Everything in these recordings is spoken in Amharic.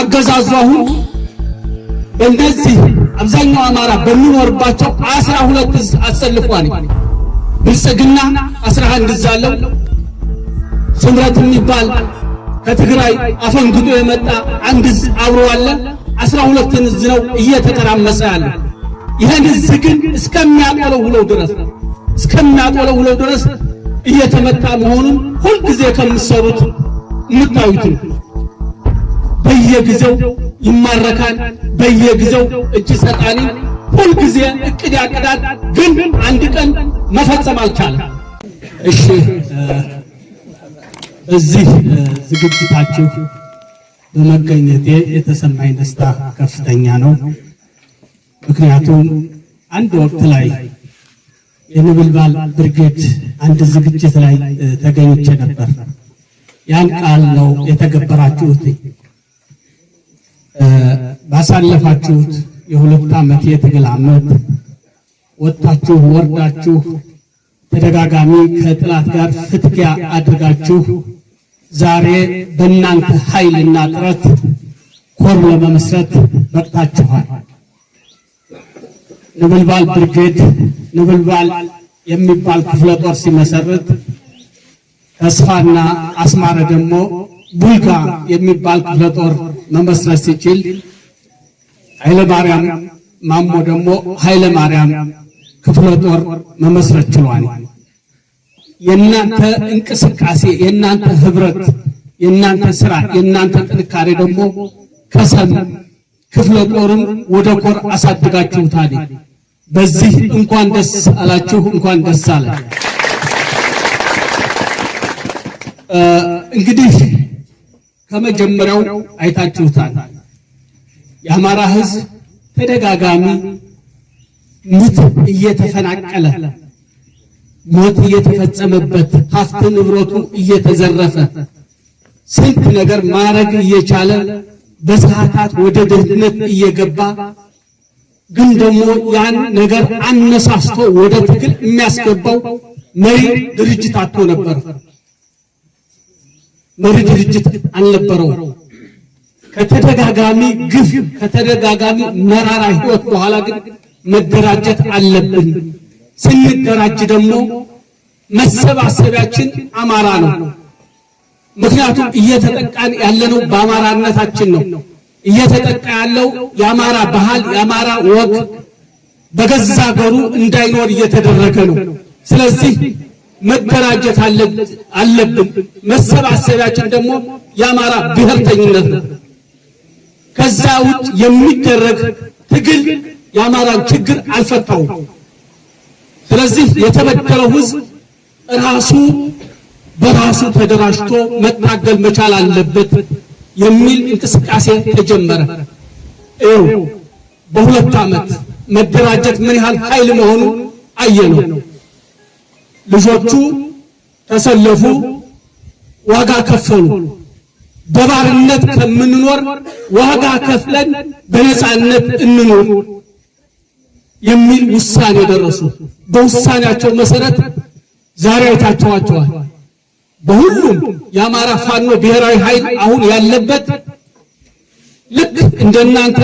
አገዛዙ አሁን በእነዚህ አብዛኛው አማራ በሚኖርባቸው አስራ ሁለት እዝ አሰልፏል። ብልጽግና አስራ አንድ እዝ አለው። ስምረት የሚባል ከትግራይ አፈንግጦ የመጣ አንድ እዝ አብሮ አለ። አስራ ሁለትን እዝ ነው እየተተራመሰ ያለ። ይህን እዝ ግን እስከሚያቆለው ሁለው ድረስ እስከሚያቆለው ሁለው ድረስ እየተመታ መሆኑን ሁልጊዜ ከምትሰሩት የምታዩት በየጊዜው ይማረካል፣ በየጊዜው እጅ ሰጣኒ፣ ሁልጊዜ እቅድ ያቅዳል፣ ግን አንድ ቀን መፈጸም አልቻለም። እሺ እዚህ ዝግጅታችሁ በመገኘቴ የተሰማኝ ደስታ ከፍተኛ ነው። ምክንያቱም አንድ ወቅት ላይ የነበልባል ብርጌድ አንድ ዝግጅት ላይ ተገኝቼ ነበር። ያን ቃል ነው የተገበራችሁት። ባሳለፋችሁት የሁለት ዓመት የትግል ዓመት ወጥታችሁ ወርዳችሁ ተደጋጋሚ ከጥላት ጋር ፍትኪያ አድርጋችሁ ዛሬ በእናንተ ኃይልና ጥረት ኮር ለመመስረት በቅታችኋል። ነበልባል ብርጌድ ነበልባል የሚባል ክፍለ ጦር ሲመሰርት ተስፋና አስማረ ደግሞ ቡልጋ የሚባል ክፍለ ጦር መመስረት ሲችል ኃይለ ማርያም ማሞ ደግሞ ኃይለ ማርያም ክፍለ ጦር መመስረት ችሏል። የእናንተ እንቅስቃሴ፣ የእናንተ ህብረት፣ የእናንተ ስራ፣ የእናንተ ጥንካሬ ደግሞ ከሰም ክፍለ ጦርም ወደ ኮር አሳድጋችሁታል። በዚህ እንኳን ደስ አላችሁ፣ እንኳን ደስ አለ። እንግዲህ ከመጀመሪያው አይታችሁታል። የአማራ ህዝብ ተደጋጋሚ ምት እየተፈናቀለ ሞት እየተፈጸመበት ሀብት ንብረቱ እየተዘረፈ ስንት ነገር ማድረግ እየቻለ በሰዓታት ወደ ድህነት እየገባ ግን ደግሞ ያን ነገር አነሳስቶ ወደ ትግል የሚያስገባው መሪ ድርጅት አጥቶ ነበር። መሪ ድርጅት አልነበረው። ከተደጋጋሚ ግፍ፣ ከተደጋጋሚ መራራ ህይወት በኋላ ግን መደራጀት አለብን። ስንደራጅ ደግሞ መሰባሰቢያችን አማራ ነው። ምክንያቱም እየተጠቃን ያለነው በአማራነታችን ነው። እየተጠቃ ያለው የአማራ ባህል፣ የአማራ ወግ በገዛ ሀገሩ እንዳይኖር እየተደረገ ነው። ስለዚህ መደራጀት አለብን። መሰባሰቢያችን ደግሞ የአማራ ብሔርተኝነት ነው። ከዛ ውጭ የሚደረግ ትግል የአማራን ችግር አልፈታውም። ስለዚህ የተበደለው ሕዝብ ራሱ በራሱ ተደራጅቶ መታገል መቻል አለበት የሚል እንቅስቃሴ ተጀመረ። ይኸው በሁለት ዓመት መደራጀት ምን ያህል ኃይል መሆኑ አየነው። ልጆቹ ተሰለፉ፣ ዋጋ ከፈሉ። በባርነት ከምንኖር ዋጋ ከፍለን በነፃነት እንኖር የሚል ውሳኔ ደረሱ። በውሳኔያቸው መሰረት ዛሬ አይታችኋቸዋል። በሁሉም የአማራ ፋኖ ብሔራዊ ኃይል አሁን ያለበት ልክ እንደናንተ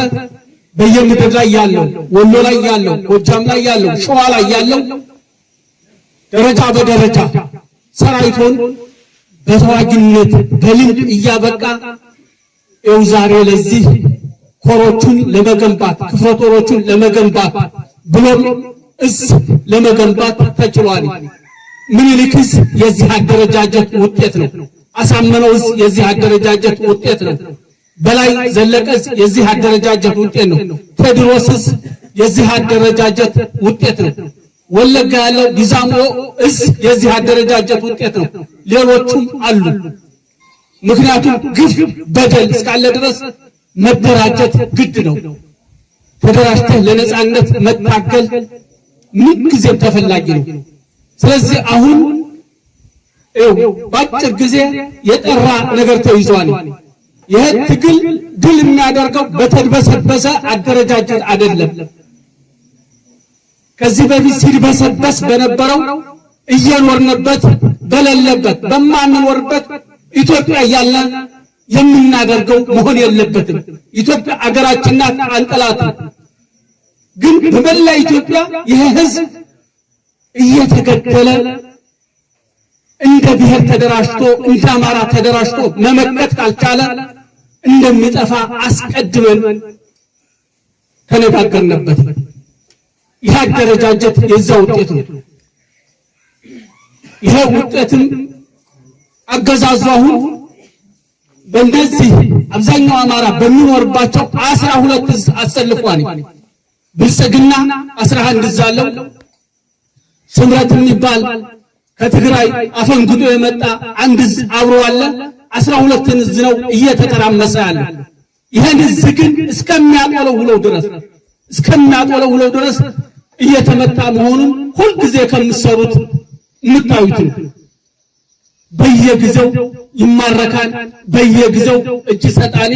በየምድር ላይ ያለው ወሎ ላይ ያለው ጎጃም ላይ ያለው ሸዋ ላይ ያለው ደረጃ በደረጃ ሰራዊቱን በተዋጊነት በልምድ እያበቃ ይኸው ዛሬ ለዚህ ኮሮቹን ለመገንባት ክፍለ ጦሮቹን ለመገንባት ብሎም እዝ ለመገንባት ተችሏል። ምኒልክ እዝ የዚህ አደረጃጀት ውጤት ነው። አሳምነው እዝ የዚህ አደረጃጀት ውጤት ነው። በላይ ዘለቀ እዝ የዚህ አደረጃጀት ውጤት ነው። ቴዎድሮስ እዝ የዚህ አደረጃጀት ውጤት ነው። ወለጋ ያለ ዲዛሞ እዝ የዚህ አደረጃጀት ውጤት ነው። ሌሎቹም አሉ። ምክንያቱም ግፍ፣ በደል እስካለ ድረስ መደራጀት ግድ ነው። ተደራጅተህ ለነጻነት መታገል ምን ጊዜም ተፈላጊ ነው። ስለዚህ አሁን በአጭር ጊዜ የጠራ ነገር ተይዟል። ይህ ትግል ድል የሚያደርገው በተድበሰበሰ አደረጃጀት አይደለም። ከዚህ በፊት ሲድበሰበስ በነበረው እየኖርንበት በሌለበት በማንኖርበት ኢትዮጵያ እያለ የምናደርገው መሆን የለበትም። ኢትዮጵያ አገራችን ናት፣ አንጠላትም። ግን በመላ ኢትዮጵያ ይሄ ህዝብ እየተገደለ እንደ ብሔር ተደራጅቶ እንደ አማራ ተደራጅቶ መመከት ካልቻለ እንደሚጠፋ አስቀድመን ተነጋገርንበት። ይህ አደረጃጀት የዛ ውጤት ነው። ይሄ ውጤትም አገዛዙ አሁን በእንደዚህ አብዛኛው አማራ በሚኖርባቸው አስራ ሁለት እዝ አሰልፏል። ብልጽግና አስራ አንድ እዝ አለው። ስምረት የሚባል ከትግራይ አፈንግጦ የመጣ አንድ እዝ አብሮ አለ። አስራ ሁለትን እዝ ነው እየተተራመሰ ያለ። ይህን እዝ ግን እስከሚያቆለው ውለው ድረስ እስከምናቆለውለው ድረስ እየተመታ መሆኑን ሁልጊዜ ከምሰሩት የምታዩት ነው። በየጊዜው ይማረካል፣ በየጊዜው እጅ ሰጣኒ፣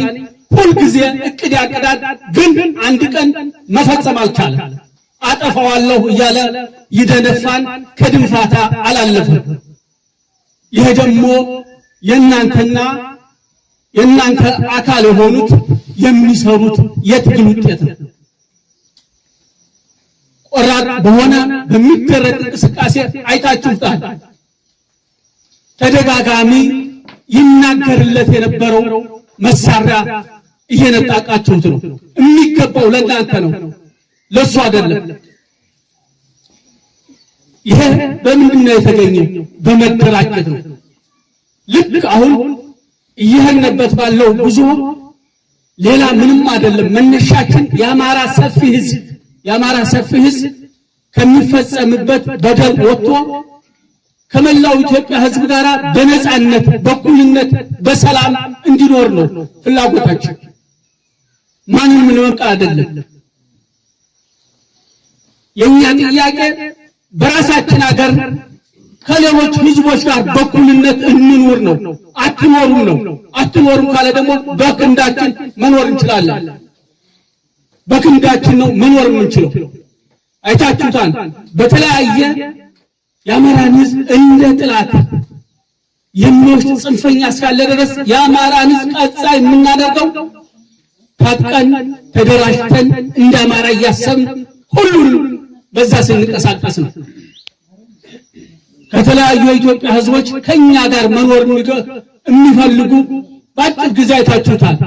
ሁልጊዜ እቅድ ያቅዳል፣ ግን አንድ ቀን መፈጸም አልቻለም። አጠፋዋለሁ እያለ ይደነፋን፣ ከድንፋታ አላለፈም። ይሄ ደግሞ የእናንተና የእናንተ አካል የሆኑት የሚሰሩት የትግል ውጤት ነው። ቆራጥ በሆነ በሚደረግ እንቅስቃሴ አይታችሁታል። ተደጋጋሚ ይናገርለት የነበረው መሳሪያ እየነጣቃችሁት ነው። የሚገባው ለእናንተ ነው፣ ለሱ አይደለም። ይሄ በምንድን ነው የተገኘው? በመደራጀት ነው። ልክ አሁን እየሄድንበት ባለው ብዙ ሌላ ምንም አይደለም። መነሻችን የአማራ ሰፊ ህዝብ የአማራ ሰፊ ህዝብ ከሚፈጸምበት በደል ወጥቶ ከመላው ኢትዮጵያ ህዝብ ጋር በነፃነት በኩልነት በሰላም እንዲኖር ነው ፍላጎታችን። ማንም ለመብቀል አይደለም። የኛ ጥያቄ በራሳችን ሀገር ከሌሎች ህዝቦች ጋር በኩልነት እንኑር ነው። አትኖሩም ነው። አትኖሩም ካለ ደግሞ በክንዳችን መኖር እንችላለን። በክንዳችን ነው መኖር የምንችለው። አይታችሁታል። በተለያየ የአማራን ህዝብ እንደ ጥላት የሚወስድ ጽንፈኛ እስካለ ድረስ የአማራን ህዝብ ቀጻ የምናደርገው ታጥቀን ተደራጅተን እንደ አማራ እያሰብን ሁሉን በዛ ስንቀሳቀስ ነው። ከተለያዩ የኢትዮጵያ ህዝቦች ከኛ ጋር መኖር የሚፈልጉ በአጭር ጊዜ አይታችሁታል።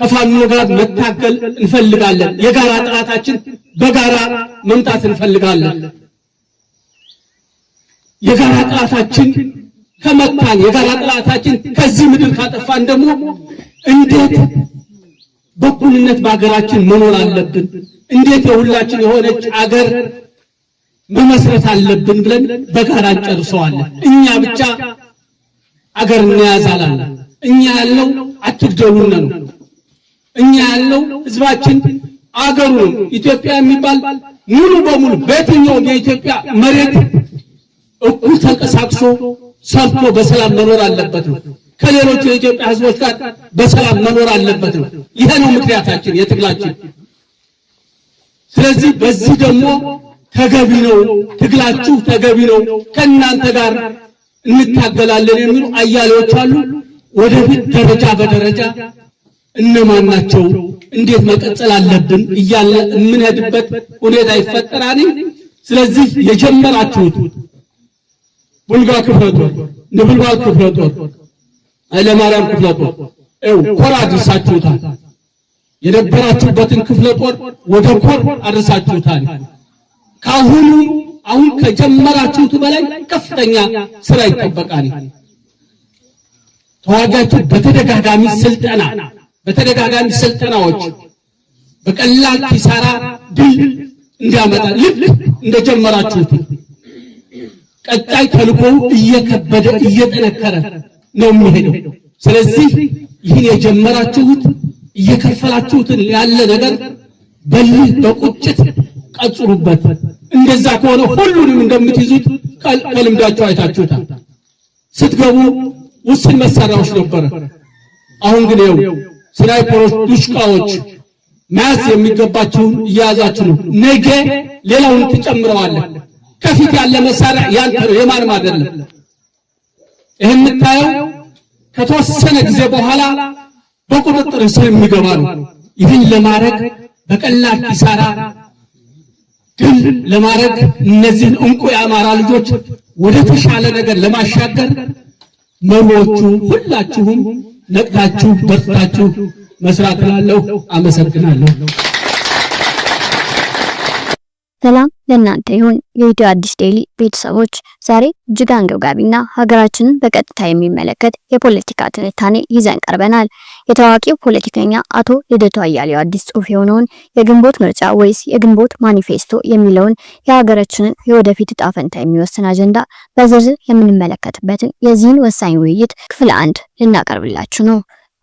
ከፋኖ ጋር መታገል እንፈልጋለን። የጋራ ጥራታችን በጋራ መምጣት እንፈልጋለን። የጋራ ጥራታችን ከመታን የጋራ ጥላታችን ከዚህ ምድር ካጠፋን ደግሞ እንዴት በኩልነት በሀገራችን መኖር አለብን፣ እንዴት የሁላችን የሆነች አገር መመስረት አለብን ብለን በጋራ እንጨርሰዋለን። እኛ ብቻ አገር እንያዛላለን። እኛ ያለው አትግደሉን ነው እኛ ያለው ህዝባችን አገሩ ኢትዮጵያ የሚባል ሙሉ በሙሉ በየትኛውም የኢትዮጵያ መሬት እኩል ተንቀሳቅሶ ሰርቶ በሰላም መኖር አለበት ነው። ከሌሎች የኢትዮጵያ ህዝቦች ጋር በሰላም መኖር አለበት ነው። ይሄ ነው ምክንያታችን፣ የትግላችን። ስለዚህ በዚህ ደግሞ ተገቢ ነው፣ ትግላችሁ ተገቢ ነው፣ ከእናንተ ጋር እንታገላለን የሚሉ አያሌዎች አሉ። ወደፊት ደረጃ በደረጃ እነማን ናቸው፣ እንዴት መቀጠል አለብን እያለ የምንሄድበት ሁኔታ ይፈጠራል። ስለዚህ የጀመራችሁት ቡልጋ ክፍለ ጦር፣ ንብልባል ክፍለ ጦር፣ ኃይለማርያም ክፍለ ጦር ው ኮር አድርሳችሁታል። የነበራችሁበትን ክፍለ ጦር ወደ ኮር አድርሳችሁታል። ከአሁኑ አሁን ከጀመራችሁት በላይ ከፍተኛ ስራ ይጠበቃል። ተዋጋችሁ በተደጋጋሚ ስልጠና በተደጋጋሚ ስልጠናዎች በቀላል ኪሳራ ድል እንዲያመጣ ልክ እንደጀመራችሁት ቀጣይ ተልኮ እየከበደ እየጠነከረ ነው የሚሄደው። ስለዚህ ይህን የጀመራችሁት እየከፈላችሁትን ያለ ነገር በልህ በቁጭት ቀጽሩበት። እንደዛ ከሆነ ሁሉንም እንደምትይዙት ከልምዳችሁ አይታችሁታል። ስትገቡ ውስን መሳሪያዎች ነበረ። አሁን ግን ይኸው ስናይፐሮች፣ ዱሽቃዎች መያዝ የሚገባችሁን እየያዛችሁ ነው። ነገ ሌላውን ትጨምረዋለህ። ከፊት ያለ መሳሪያ ያንተ ነው፣ የማንም አይደለም። ይህ የምታየው ከተወሰነ ጊዜ በኋላ በቁጥጥር ስር የሚገባ ነው። ይህን ለማድረግ በቀላል ኪሳራ ግን ለማድረግ እነዚህን እንቁ የአማራ ልጆች ወደ ተሻለ ነገር ለማሻገር መሪዎቹ ሁላችሁም ነቅታችሁ በርታችሁ መስራት ላለሁ አመሰግናለሁ። ሰላም ለእናንተ ይሁን፣ የኢትዮ አዲስ ዴይሊ ቤተሰቦች። ዛሬ እጅግ አንገብጋቢና ሀገራችንን በቀጥታ የሚመለከት የፖለቲካ ትንታኔ ይዘን ቀርበናል። የታዋቂው ፖለቲከኛ አቶ ልደቱ አያሌው አዲስ ጽሁፍ የሆነውን የግንቦት ምርጫ ወይስ የግንቦት ማኒፌስቶ የሚለውን የሀገራችንን የወደፊት ዕጣ ፈንታ የሚወስን አጀንዳ በዝርዝር የምንመለከትበትን የዚህን ወሳኝ ውይይት ክፍል አንድ ልናቀርብላችሁ ነው።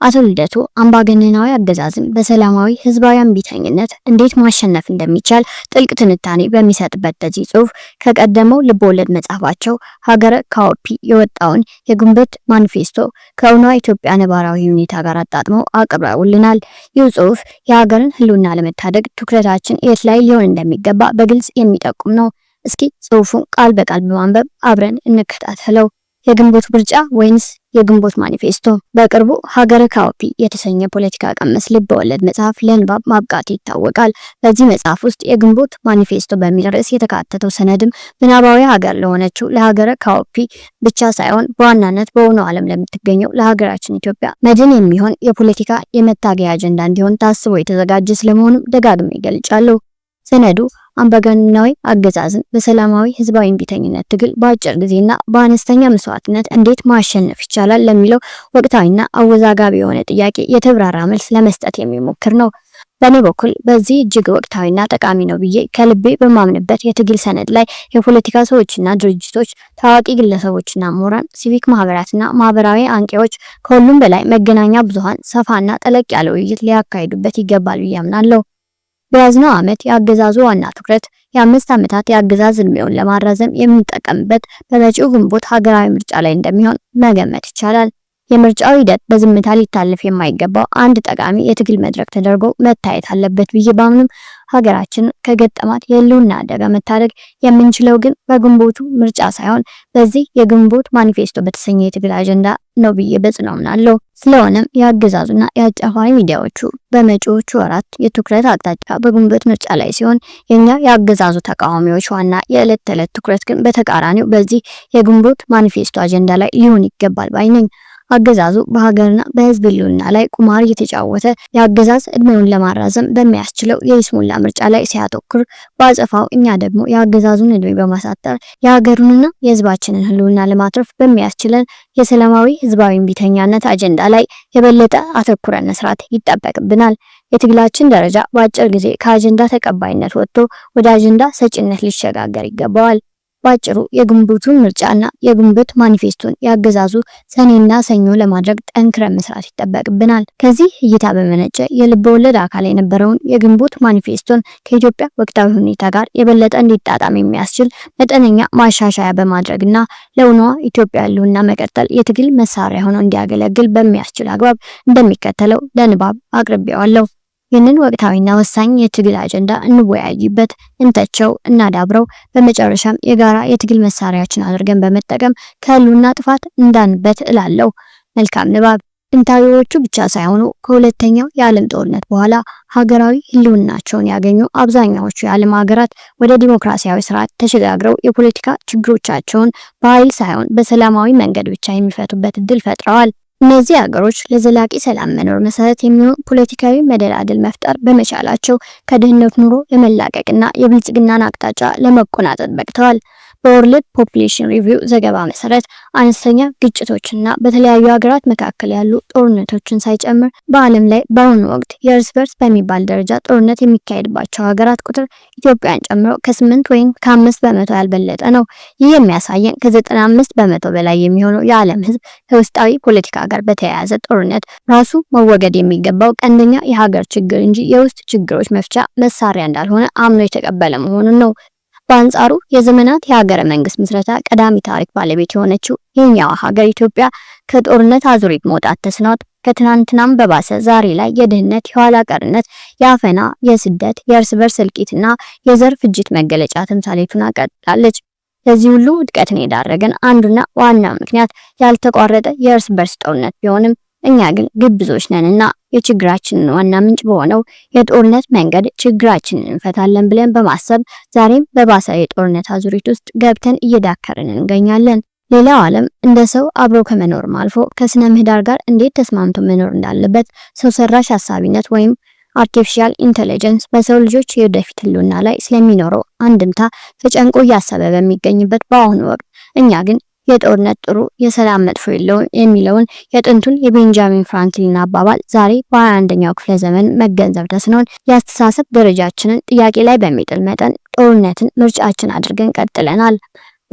አቶ ልደቱ አምባገነናዊ አገዛዝም በሰላማዊ ህዝባዊ አንቢተኝነት እንዴት ማሸነፍ እንደሚቻል ጥልቅ ትንታኔ በሚሰጥበት በዚህ ጽሁፍ ከቀደመው ልቦወለድ መጽሐፋቸው ሀገረ ካዎፒ የወጣውን የግንቦት ማኒፌስቶ ከእውኗ ኢትዮጵያ ነባራዊ ሁኔታ ጋር አጣጥመው አቅርበውልናል። ይህ ጽሁፍ የሀገርን ህልውና ለመታደግ ትኩረታችን የት ላይ ሊሆን እንደሚገባ በግልጽ የሚጠቁም ነው። እስኪ ጽሁፉን ቃል በቃል በማንበብ አብረን እንከታተለው። የግንቦት ምርጫ ወይንስ የግንቦት ማኒፌስቶ በቅርቡ ሀገረ ካውፒ የተሰኘ ፖለቲካ ቀመስ ልብ ወለድ መጽሐፍ ለንባብ ማብቃት ይታወቃል። በዚህ መጽሐፍ ውስጥ የግንቦት ማኒፌስቶ በሚል ርዕስ የተካተተው ሰነድም ምናባዊ ሀገር ለሆነችው ለሀገረ ካውፒ ብቻ ሳይሆን በዋናነት በሆነ ዓለም ለምትገኘው ለሀገራችን ኢትዮጵያ መድን የሚሆን የፖለቲካ የመታገያ አጀንዳ እንዲሆን ታስቦ የተዘጋጀ ስለመሆኑም ደጋግሜ ይገልጫሉ። ሰነዱ አምባገነናዊ አገዛዝን በሰላማዊ ህዝባዊ እንቢተኝነት ትግል በአጭር ጊዜና በአነስተኛ መስዋዕትነት እንዴት ማሸነፍ ይቻላል ለሚለው ወቅታዊና አወዛጋቢ የሆነ ጥያቄ የተብራራ መልስ ለመስጠት የሚሞክር ነው። በእኔ በኩል በዚህ እጅግ ወቅታዊና ጠቃሚ ነው ብዬ ከልቤ በማምንበት የትግል ሰነድ ላይ የፖለቲካ ሰዎችና ድርጅቶች፣ ታዋቂ ግለሰቦችና ምሁራን፣ ሲቪክ ማህበራትና ማህበራዊ አንቂዎች፣ ከሁሉም በላይ መገናኛ ብዙሃን ሰፋና ጠለቅ ያለ ውይይት ሊያካሂዱበት ይገባል ብዬ አምናለሁ። በያዝነው ዓመት የአገዛዙ ዋና ትኩረት የአምስት ዓመታት የአገዛዝ እድሜውን ለማራዘም የሚጠቀምበት በመጪው ግንቦት ሀገራዊ ምርጫ ላይ እንደሚሆን መገመት ይቻላል። የምርጫው ሂደት በዝምታ ሊታለፍ የማይገባው አንድ ጠቃሚ የትግል መድረክ ተደርጎ መታየት አለበት ብዬ ባምንም ሀገራችን ከገጠማት የህልውና አደጋ መታደግ የምንችለው ግን በግንቦቱ ምርጫ ሳይሆን በዚህ የግንቦት ማኒፌስቶ በተሰኘ የትግል አጀንዳ ነው ብዬ በጽኑ አምናለሁ። ስለሆነም የአገዛዙና የአጫፋሪ ሚዲያዎቹ በመጪዎቹ ወራት የትኩረት አቅጣጫ በግንቦት ምርጫ ላይ ሲሆን የኛ የአገዛዙ ተቃዋሚዎች ዋና የዕለት ተዕለት ትኩረት ግን በተቃራኒው በዚህ የግንቦት ማኒፌስቶ አጀንዳ ላይ ሊሆን ይገባል ባይነኝ። አገዛዙ በሀገርና በህዝብ ህልውና ላይ ቁማር እየተጫወተ የአገዛዝ እድሜውን ለማራዘም በሚያስችለው የይስሙላ ምርጫ ላይ ሲያተኩር፣ በአጸፋው እኛ ደግሞ የአገዛዙን እድሜ በማሳጠር የሀገሩንና የህዝባችንን ህልውና ለማትረፍ በሚያስችለን የሰላማዊ ህዝባዊ እምቢተኛነት አጀንዳ ላይ የበለጠ አተኩረን መስራት ይጠበቅብናል። የትግላችን ደረጃ በአጭር ጊዜ ከአጀንዳ ተቀባይነት ወጥቶ ወደ አጀንዳ ሰጭነት ሊሸጋገር ይገባዋል። ባጭሩ የግንቦቱን ምርጫና የግንቦት ማኒፌስቶን ያገዛዙ ሰኔና ሰኞ ለማድረግ ጠንክረን መስራት ይጠበቅብናል። ከዚህ እይታ በመነጨ የልብ ወለድ አካል የነበረውን የግንቦት ማኒፌስቶን ከኢትዮጵያ ወቅታዊ ሁኔታ ጋር የበለጠ እንዲጣጣም የሚያስችል መጠነኛ ማሻሻያ በማድረግና ለእውኗ ኢትዮጵያ ያሉና መቀጠል የትግል መሳሪያ ሆኖ እንዲያገለግል በሚያስችል አግባብ እንደሚከተለው ለንባብ አቅርቤዋለሁ። ይህንን ወቅታዊና ወሳኝ የትግል አጀንዳ እንወያይበት፣ እንተቸው፣ እናዳብረው። በመጨረሻም የጋራ የትግል መሳሪያችን አድርገን በመጠቀም ከህልውና ጥፋት እንዳንበት እላለሁ። መልካም ንባብ። ጥንታዊዎቹ ብቻ ሳይሆኑ ከሁለተኛው የዓለም ጦርነት በኋላ ሀገራዊ ህልውናቸውን ያገኙ አብዛኛዎቹ የዓለም ሀገራት ወደ ዲሞክራሲያዊ ስርዓት ተሸጋግረው የፖለቲካ ችግሮቻቸውን በኃይል ሳይሆን በሰላማዊ መንገድ ብቻ የሚፈቱበት እድል ፈጥረዋል። እነዚህ ሀገሮች ለዘላቂ ሰላም መኖር መሰረት የሚሆን ፖለቲካዊ መደላደል መፍጠር በመቻላቸው ከድህነት ኑሮ ለመላቀቅና የብልጽግናን አቅጣጫ ለመቆናጠጥ በቅተዋል። በወርልድ ፖፕሌሽን ሪቪው ዘገባ መሰረት አነስተኛ ግጭቶችና በተለያዩ ሀገራት መካከል ያሉ ጦርነቶችን ሳይጨምር በዓለም ላይ በአሁኑ ወቅት የእርስ በርስ በሚባል ደረጃ ጦርነት የሚካሄድባቸው ሀገራት ቁጥር ኢትዮጵያን ጨምሮ ከስምንት ወይም ከአምስት በመቶ ያልበለጠ ነው። ይህ የሚያሳየን ከዘጠና አምስት በመቶ በላይ የሚሆነው የዓለም ሕዝብ ከውስጣዊ ፖለቲካ ጋር በተያያዘ ጦርነት ራሱ መወገድ የሚገባው ቀንደኛ የሀገር ችግር እንጂ የውስጥ ችግሮች መፍቻ መሳሪያ እንዳልሆነ አምኖ የተቀበለ መሆኑን ነው። በአንጻሩ የዘመናት የሀገረ መንግስት ምስረታ ቀዳሚ ታሪክ ባለቤት የሆነችው የኛዋ ሀገር ኢትዮጵያ ከጦርነት አዙሪት መውጣት ተስኗት ከትናንትናም በባሰ ዛሬ ላይ የድህነት፣ የኋላ ቀርነት፣ የአፈና፣ የስደት፣ የእርስ በርስ እልቂትና የዘር ፍጅት መገለጫ ተምሳሌቱን አቀጥላለች። ለዚህ ሁሉ ውድቀትን የዳረገን አንዱና ዋና ምክንያት ያልተቋረጠ የእርስ በርስ ጦርነት ቢሆንም እኛ ግን ግብዞች ነንና የችግራችንን ዋና ምንጭ በሆነው የጦርነት መንገድ ችግራችንን እንፈታለን ብለን በማሰብ ዛሬም በባሰ የጦርነት አዙሪት ውስጥ ገብተን እየዳከርን እንገኛለን። ሌላው ዓለም እንደ ሰው አብሮ ከመኖርም አልፎ ከስነ ምህዳር ጋር እንዴት ተስማምቶ መኖር እንዳለበት ሰው ሰራሽ ሀሳቢነት ወይም አርቲፊሻል ኢንተለጀንስ በሰው ልጆች የወደፊት ህልውና ላይ ስለሚኖረው አንድምታ ተጨንቆ እያሰበ በሚገኝበት በአሁኑ ወቅት እኛ ግን የጦርነት ጥሩ የሰላም መጥፎ የለውም የሚለውን የጥንቱን የቤንጃሚን ፍራንክሊን አባባል ዛሬ በ21ኛው ክፍለ ዘመን መገንዘብ ተስኖን የአስተሳሰብ ደረጃችንን ጥያቄ ላይ በሚጥል መጠን ጦርነትን ምርጫችን አድርገን ቀጥለናል።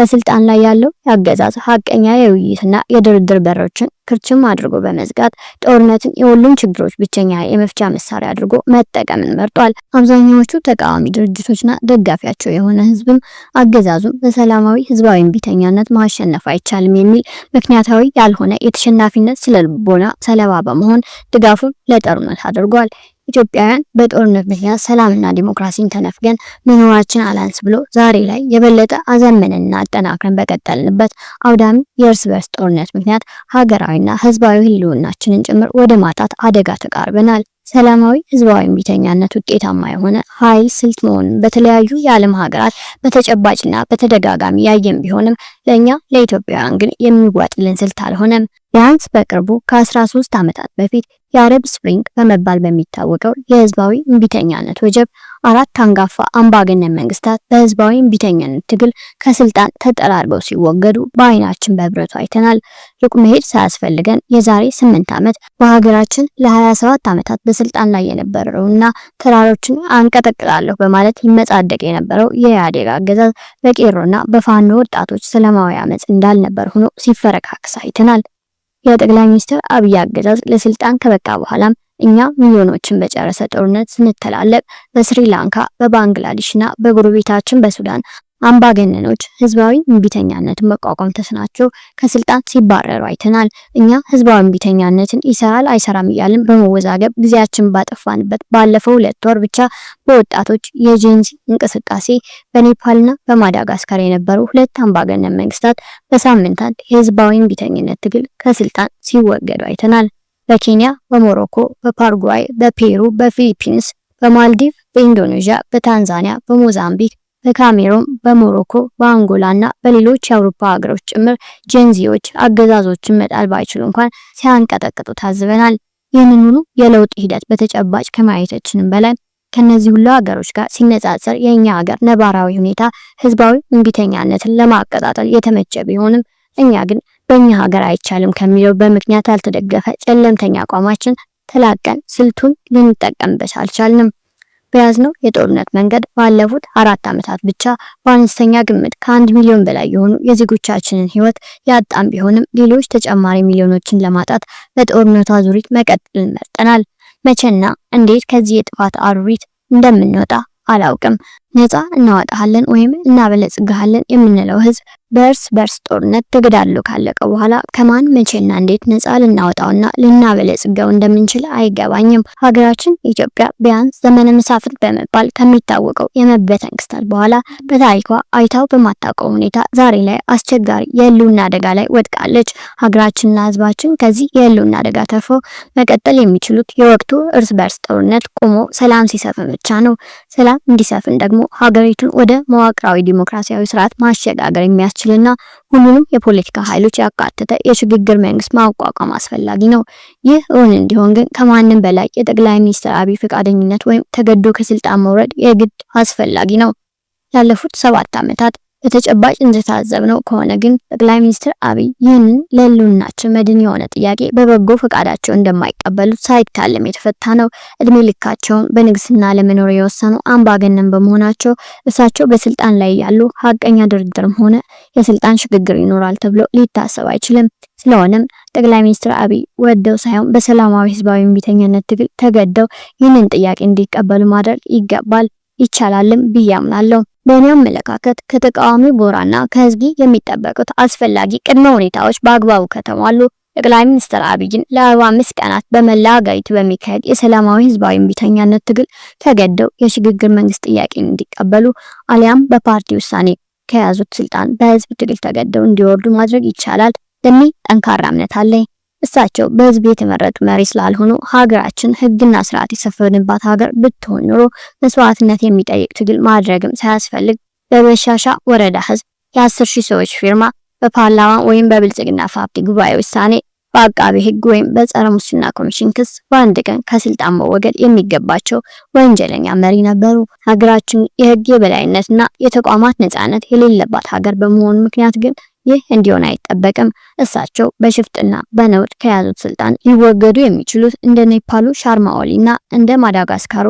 በስልጣን ላይ ያለው ያገዛዝ ሀቀኛ የውይይትና የድርድር በሮችን ክርችም አድርጎ በመዝጋት ጦርነትን የሁሉም ችግሮች ብቸኛ የመፍቻ መሳሪያ አድርጎ መጠቀምን መርጧል። አብዛኛዎቹ ተቃዋሚ ድርጅቶችና ደጋፊያቸው የሆነ ህዝብም አገዛዙም በሰላማዊ ህዝባዊ እምቢተኛነት ማሸነፍ አይቻልም የሚል ምክንያታዊ ያልሆነ የተሸናፊነት ስነልቦና ሰለባ በመሆን ድጋፉን ለጦርነት አድርጓል። ኢትዮጵያውያን በጦርነት ምክንያት ሰላምና ዲሞክራሲን ተነፍገን መኖራችን አላንስ ብሎ ዛሬ ላይ የበለጠ አዘመንና አጠናክረን በቀጠልንበት አውዳሚ የእርስ በርስ ጦርነት ምክንያት ሀገራዊና ህዝባዊ ህልውናችንን ጭምር ወደ ማጣት አደጋ ተቃርበናል። ሰላማዊ ህዝባዊ እምቢተኛነት ውጤታማ የሆነ ኃይል ስልት መሆኑን በተለያዩ የዓለም ሀገራት በተጨባጭና በተደጋጋሚ ያየን ቢሆንም ለእኛ ለኢትዮጵያውያን ግን የሚዋጥልን ስልት አልሆነም። ቢያንስ በቅርቡ ከ13 ዓመታት በፊት የአረብ ስፕሪንግ በመባል በሚታወቀው የህዝባዊ እምቢተኛነት ወጀብ አራት አንጋፋ አምባገነን መንግስታት በህዝባዊ እምቢተኛነት ትግል ከስልጣን ተጠራርበው ሲወገዱ በአይናችን በብረቱ አይተናል። ሩቅ መሄድ ሳያስፈልገን የዛሬ ስምንት ዓመት በሀገራችን ለ27 ዓመታት በስልጣን ላይ የነበረውና ተራሮችን አንቀጠቅጣለሁ በማለት ይመጻደቅ የነበረው የኢህአዴግ አገዛዝ በቄሮና በፋኖ ወጣቶች ሰላማዊ አመፅ እንዳልነበር ሆኖ ሲፈረካክስ አይተናል። የጠቅላይ ሚኒስትር አብይ አገዛዝ ለስልጣን ከበቃ በኋላም እኛ ሚሊዮኖችን በጨረሰ ጦርነት ስንተላለቅ በስሪላንካ፣ በባንግላዴሽና በጎረቤታችን በሱዳን አምባገነኖች ህዝባዊ እምቢተኛነትን መቋቋም ተስኗቸው ከስልጣን ሲባረሩ አይተናል። እኛ ህዝባዊ እምቢተኛነትን ይሰራል አይሰራም እያልን በመወዛገብ ጊዜያችን ባጠፋንበት ባለፈው ሁለት ወር ብቻ በወጣቶች የጄንዚ እንቅስቃሴ በኔፓልና በማዳጋስካር የነበሩ ሁለት አምባገነን መንግስታት በሳምንታት የህዝባዊ እምቢተኝነት ትግል ከስልጣን ሲወገዱ አይተናል። በኬንያ፣ በሞሮኮ፣ በፓርጓይ፣ በፔሩ፣ በፊሊፒንስ፣ በማልዲቭ፣ በኢንዶኔዥያ፣ በታንዛኒያ፣ በሞዛምቢክ በካሜሩን፣ በሞሮኮ፣ በአንጎላ እና በሌሎች የአውሮፓ ሀገሮች ጭምር ጀንዚዎች አገዛዞችን መጣል ባይችሉ እንኳን ሲያንቀጠቅጡ ታዝበናል። ይህንን ሁሉ የለውጥ ሂደት በተጨባጭ ከማየታችንም በላይ ከነዚህ ሁሉ ሀገሮች ጋር ሲነጻጸር የእኛ ሀገር ነባራዊ ሁኔታ ህዝባዊ እምቢተኛነትን ለማቀጣጠል የተመቸ ቢሆንም እኛ ግን በእኛ ሀገር አይቻልም ከሚለው በምክንያት ያልተደገፈ ጨለምተኛ አቋማችን ተላቀን ስልቱን ልንጠቀምበት አልቻልንም። በያዝነው የጦርነት መንገድ ባለፉት አራት ዓመታት ብቻ በአነስተኛ ግምት ከአንድ ሚሊዮን በላይ የሆኑ የዜጎቻችንን ህይወት ያጣም ቢሆንም ሌሎች ተጨማሪ ሚሊዮኖችን ለማጣት በጦርነቷ ዙሪት መቀጠልን መርጠናል። መቼና እንዴት ከዚህ የጥፋት አሩሪት እንደምንወጣ አላውቅም። ነፃ እናወጣሃለን ወይም እናበለጽግሃለን የምንለው ህዝብ በእርስ በርስ ጦርነት ተገዳድሎ ካለቀ በኋላ ከማን መቼና እንዴት ነፃ ልናወጣውና ልናበለጽገው እንደምንችል አይገባኝም። ሀገራችን ኢትዮጵያ ቢያንስ ዘመነ መሳፍንት በመባል ከሚታወቀው የመበተን ክስተት በኋላ በታሪኳ አይታው በማታውቀው ሁኔታ ዛሬ ላይ አስቸጋሪ የህልውና አደጋ ላይ ወድቃለች። ሀገራችንና ህዝባችን ከዚህ የህልውና አደጋ ተርፎ መቀጠል የሚችሉት የወቅቱ እርስ በርስ ጦርነት ቆሞ ሰላም ሲሰፍን ብቻ ነው። ሰላም እንዲሰፍን ደግሞ ሀገሪቱን ወደ መዋቅራዊ ዲሞክራሲያዊ ስርዓት ማሸጋገር የሚያስችልና ሁሉንም የፖለቲካ ኃይሎች ያካተተ የሽግግር መንግስት ማቋቋም አስፈላጊ ነው። ይህ እውን እንዲሆን ግን ከማንም በላይ የጠቅላይ ሚኒስትር አብይ ፈቃደኝነት ወይም ተገዶ ከስልጣን መውረድ የግድ አስፈላጊ ነው። ላለፉት ሰባት ዓመታት በተጨባጭ እንደታዘብነው ከሆነ ግን ጠቅላይ ሚኒስትር አብይ ይህንን ለህልውናችን መድን የሆነ ጥያቄ በበጎ ፈቃዳቸው እንደማይቀበሉት ሳይታለም የተፈታ ነው። እድሜ ልካቸውን በንግስና ለመኖር የወሰኑ አምባገነን በመሆናቸው እሳቸው በስልጣን ላይ ያሉ ሀቀኛ ድርድርም ሆነ የስልጣን ሽግግር ይኖራል ተብሎ ሊታሰብ አይችልም። ስለሆነም ጠቅላይ ሚኒስትር አብይ ወደው ሳይሆን በሰላማዊ ህዝባዊ እምቢተኝነት ትግል ተገደው ይህንን ጥያቄ እንዲቀበሉ ማድረግ ይገባል፣ ይቻላልም ብዬ አምናለሁ። በእኔ አመለካከት ከተቃዋሚ ጎራና ከህዝቢ የሚጠበቁት አስፈላጊ ቅድመ ሁኔታዎች በአግባቡ ከተሟሉ ጠቅላይ ሚኒስትር አብይን ለአርባ አምስት ቀናት በመላ ሀገሪቱ በሚካሄድ የሰላማዊ ህዝባዊ እምቢተኛነት ትግል ተገደው የሽግግር መንግስት ጥያቄን እንዲቀበሉ አሊያም በፓርቲ ውሳኔ ከያዙት ስልጣን በህዝብ ትግል ተገደው እንዲወርዱ ማድረግ ይቻላል የሚል ጠንካራ እምነት አለኝ። እሳቸው በህዝብ የተመረጡ መሪ ስላልሆኑ ሀገራችን ህግና ስርዓት የሰፈንባት ሀገር ብትሆን ኑሮ መስዋዕትነት የሚጠይቅ ትግል ማድረግም ሳያስፈልግ በበሻሻ ወረዳ ህዝብ የአስር ሺህ ሰዎች ፊርማ በፓርላማ ወይም በብልጽግና ፓርቲ ጉባኤ ውሳኔ በአቃቢ ህግ ወይም በጸረ ሙስና ኮሚሽን ክስ በአንድ ቀን ከስልጣን መወገድ የሚገባቸው ወንጀለኛ መሪ ነበሩ። ሀገራችን የህግ የበላይነትና የተቋማት ነጻነት የሌለባት ሀገር በመሆኑ ምክንያት ግን ይህ እንዲሆን አይጠበቅም። እሳቸው በሽፍጥና በነውጥ ከያዙት ስልጣን ሊወገዱ የሚችሉት እንደ ኔፓሉ ሻርማ ኦሊና እንደ ማዳጋስካሩ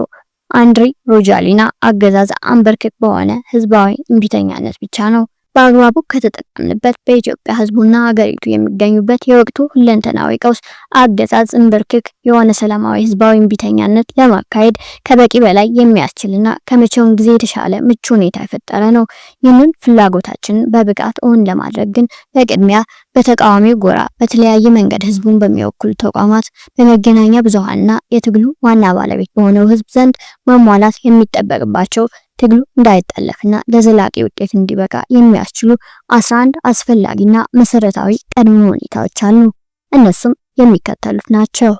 አንድሪ ሮጃሊና አገዛዝ አንበርክክ በሆነ ህዝባዊ እምቢተኛነት ብቻ ነው። በአግባቡ ከተጠቀምንበት በኢትዮጵያ ህዝቡና ሀገሪቱ የሚገኙበት የወቅቱ ሁለንተናዊ ቀውስ አገዛዝ እንብርክክ የሆነ ሰላማዊ ህዝባዊ እምቢተኛነት ለማካሄድ ከበቂ በላይ የሚያስችልና ከመቼውም ጊዜ የተሻለ ምቹ ሁኔታ የፈጠረ ነው። ይህንን ፍላጎታችንን በብቃት እውን ለማድረግ ግን በቅድሚያ በተቃዋሚው ጎራ በተለያየ መንገድ ህዝቡን በሚወክሉ ተቋማት፣ በመገናኛ ብዙሃንና የትግሉ ዋና ባለቤት በሆነው ህዝብ ዘንድ መሟላት የሚጠበቅባቸው ትግሉ እንዳይጠለፍና ለዘላቂ ውጤት እንዲበቃ የሚያስችሉ 11 አስፈላጊና መሰረታዊ ቅድመ ሁኔታዎች አሉ። እነሱም የሚከተሉት ናቸው።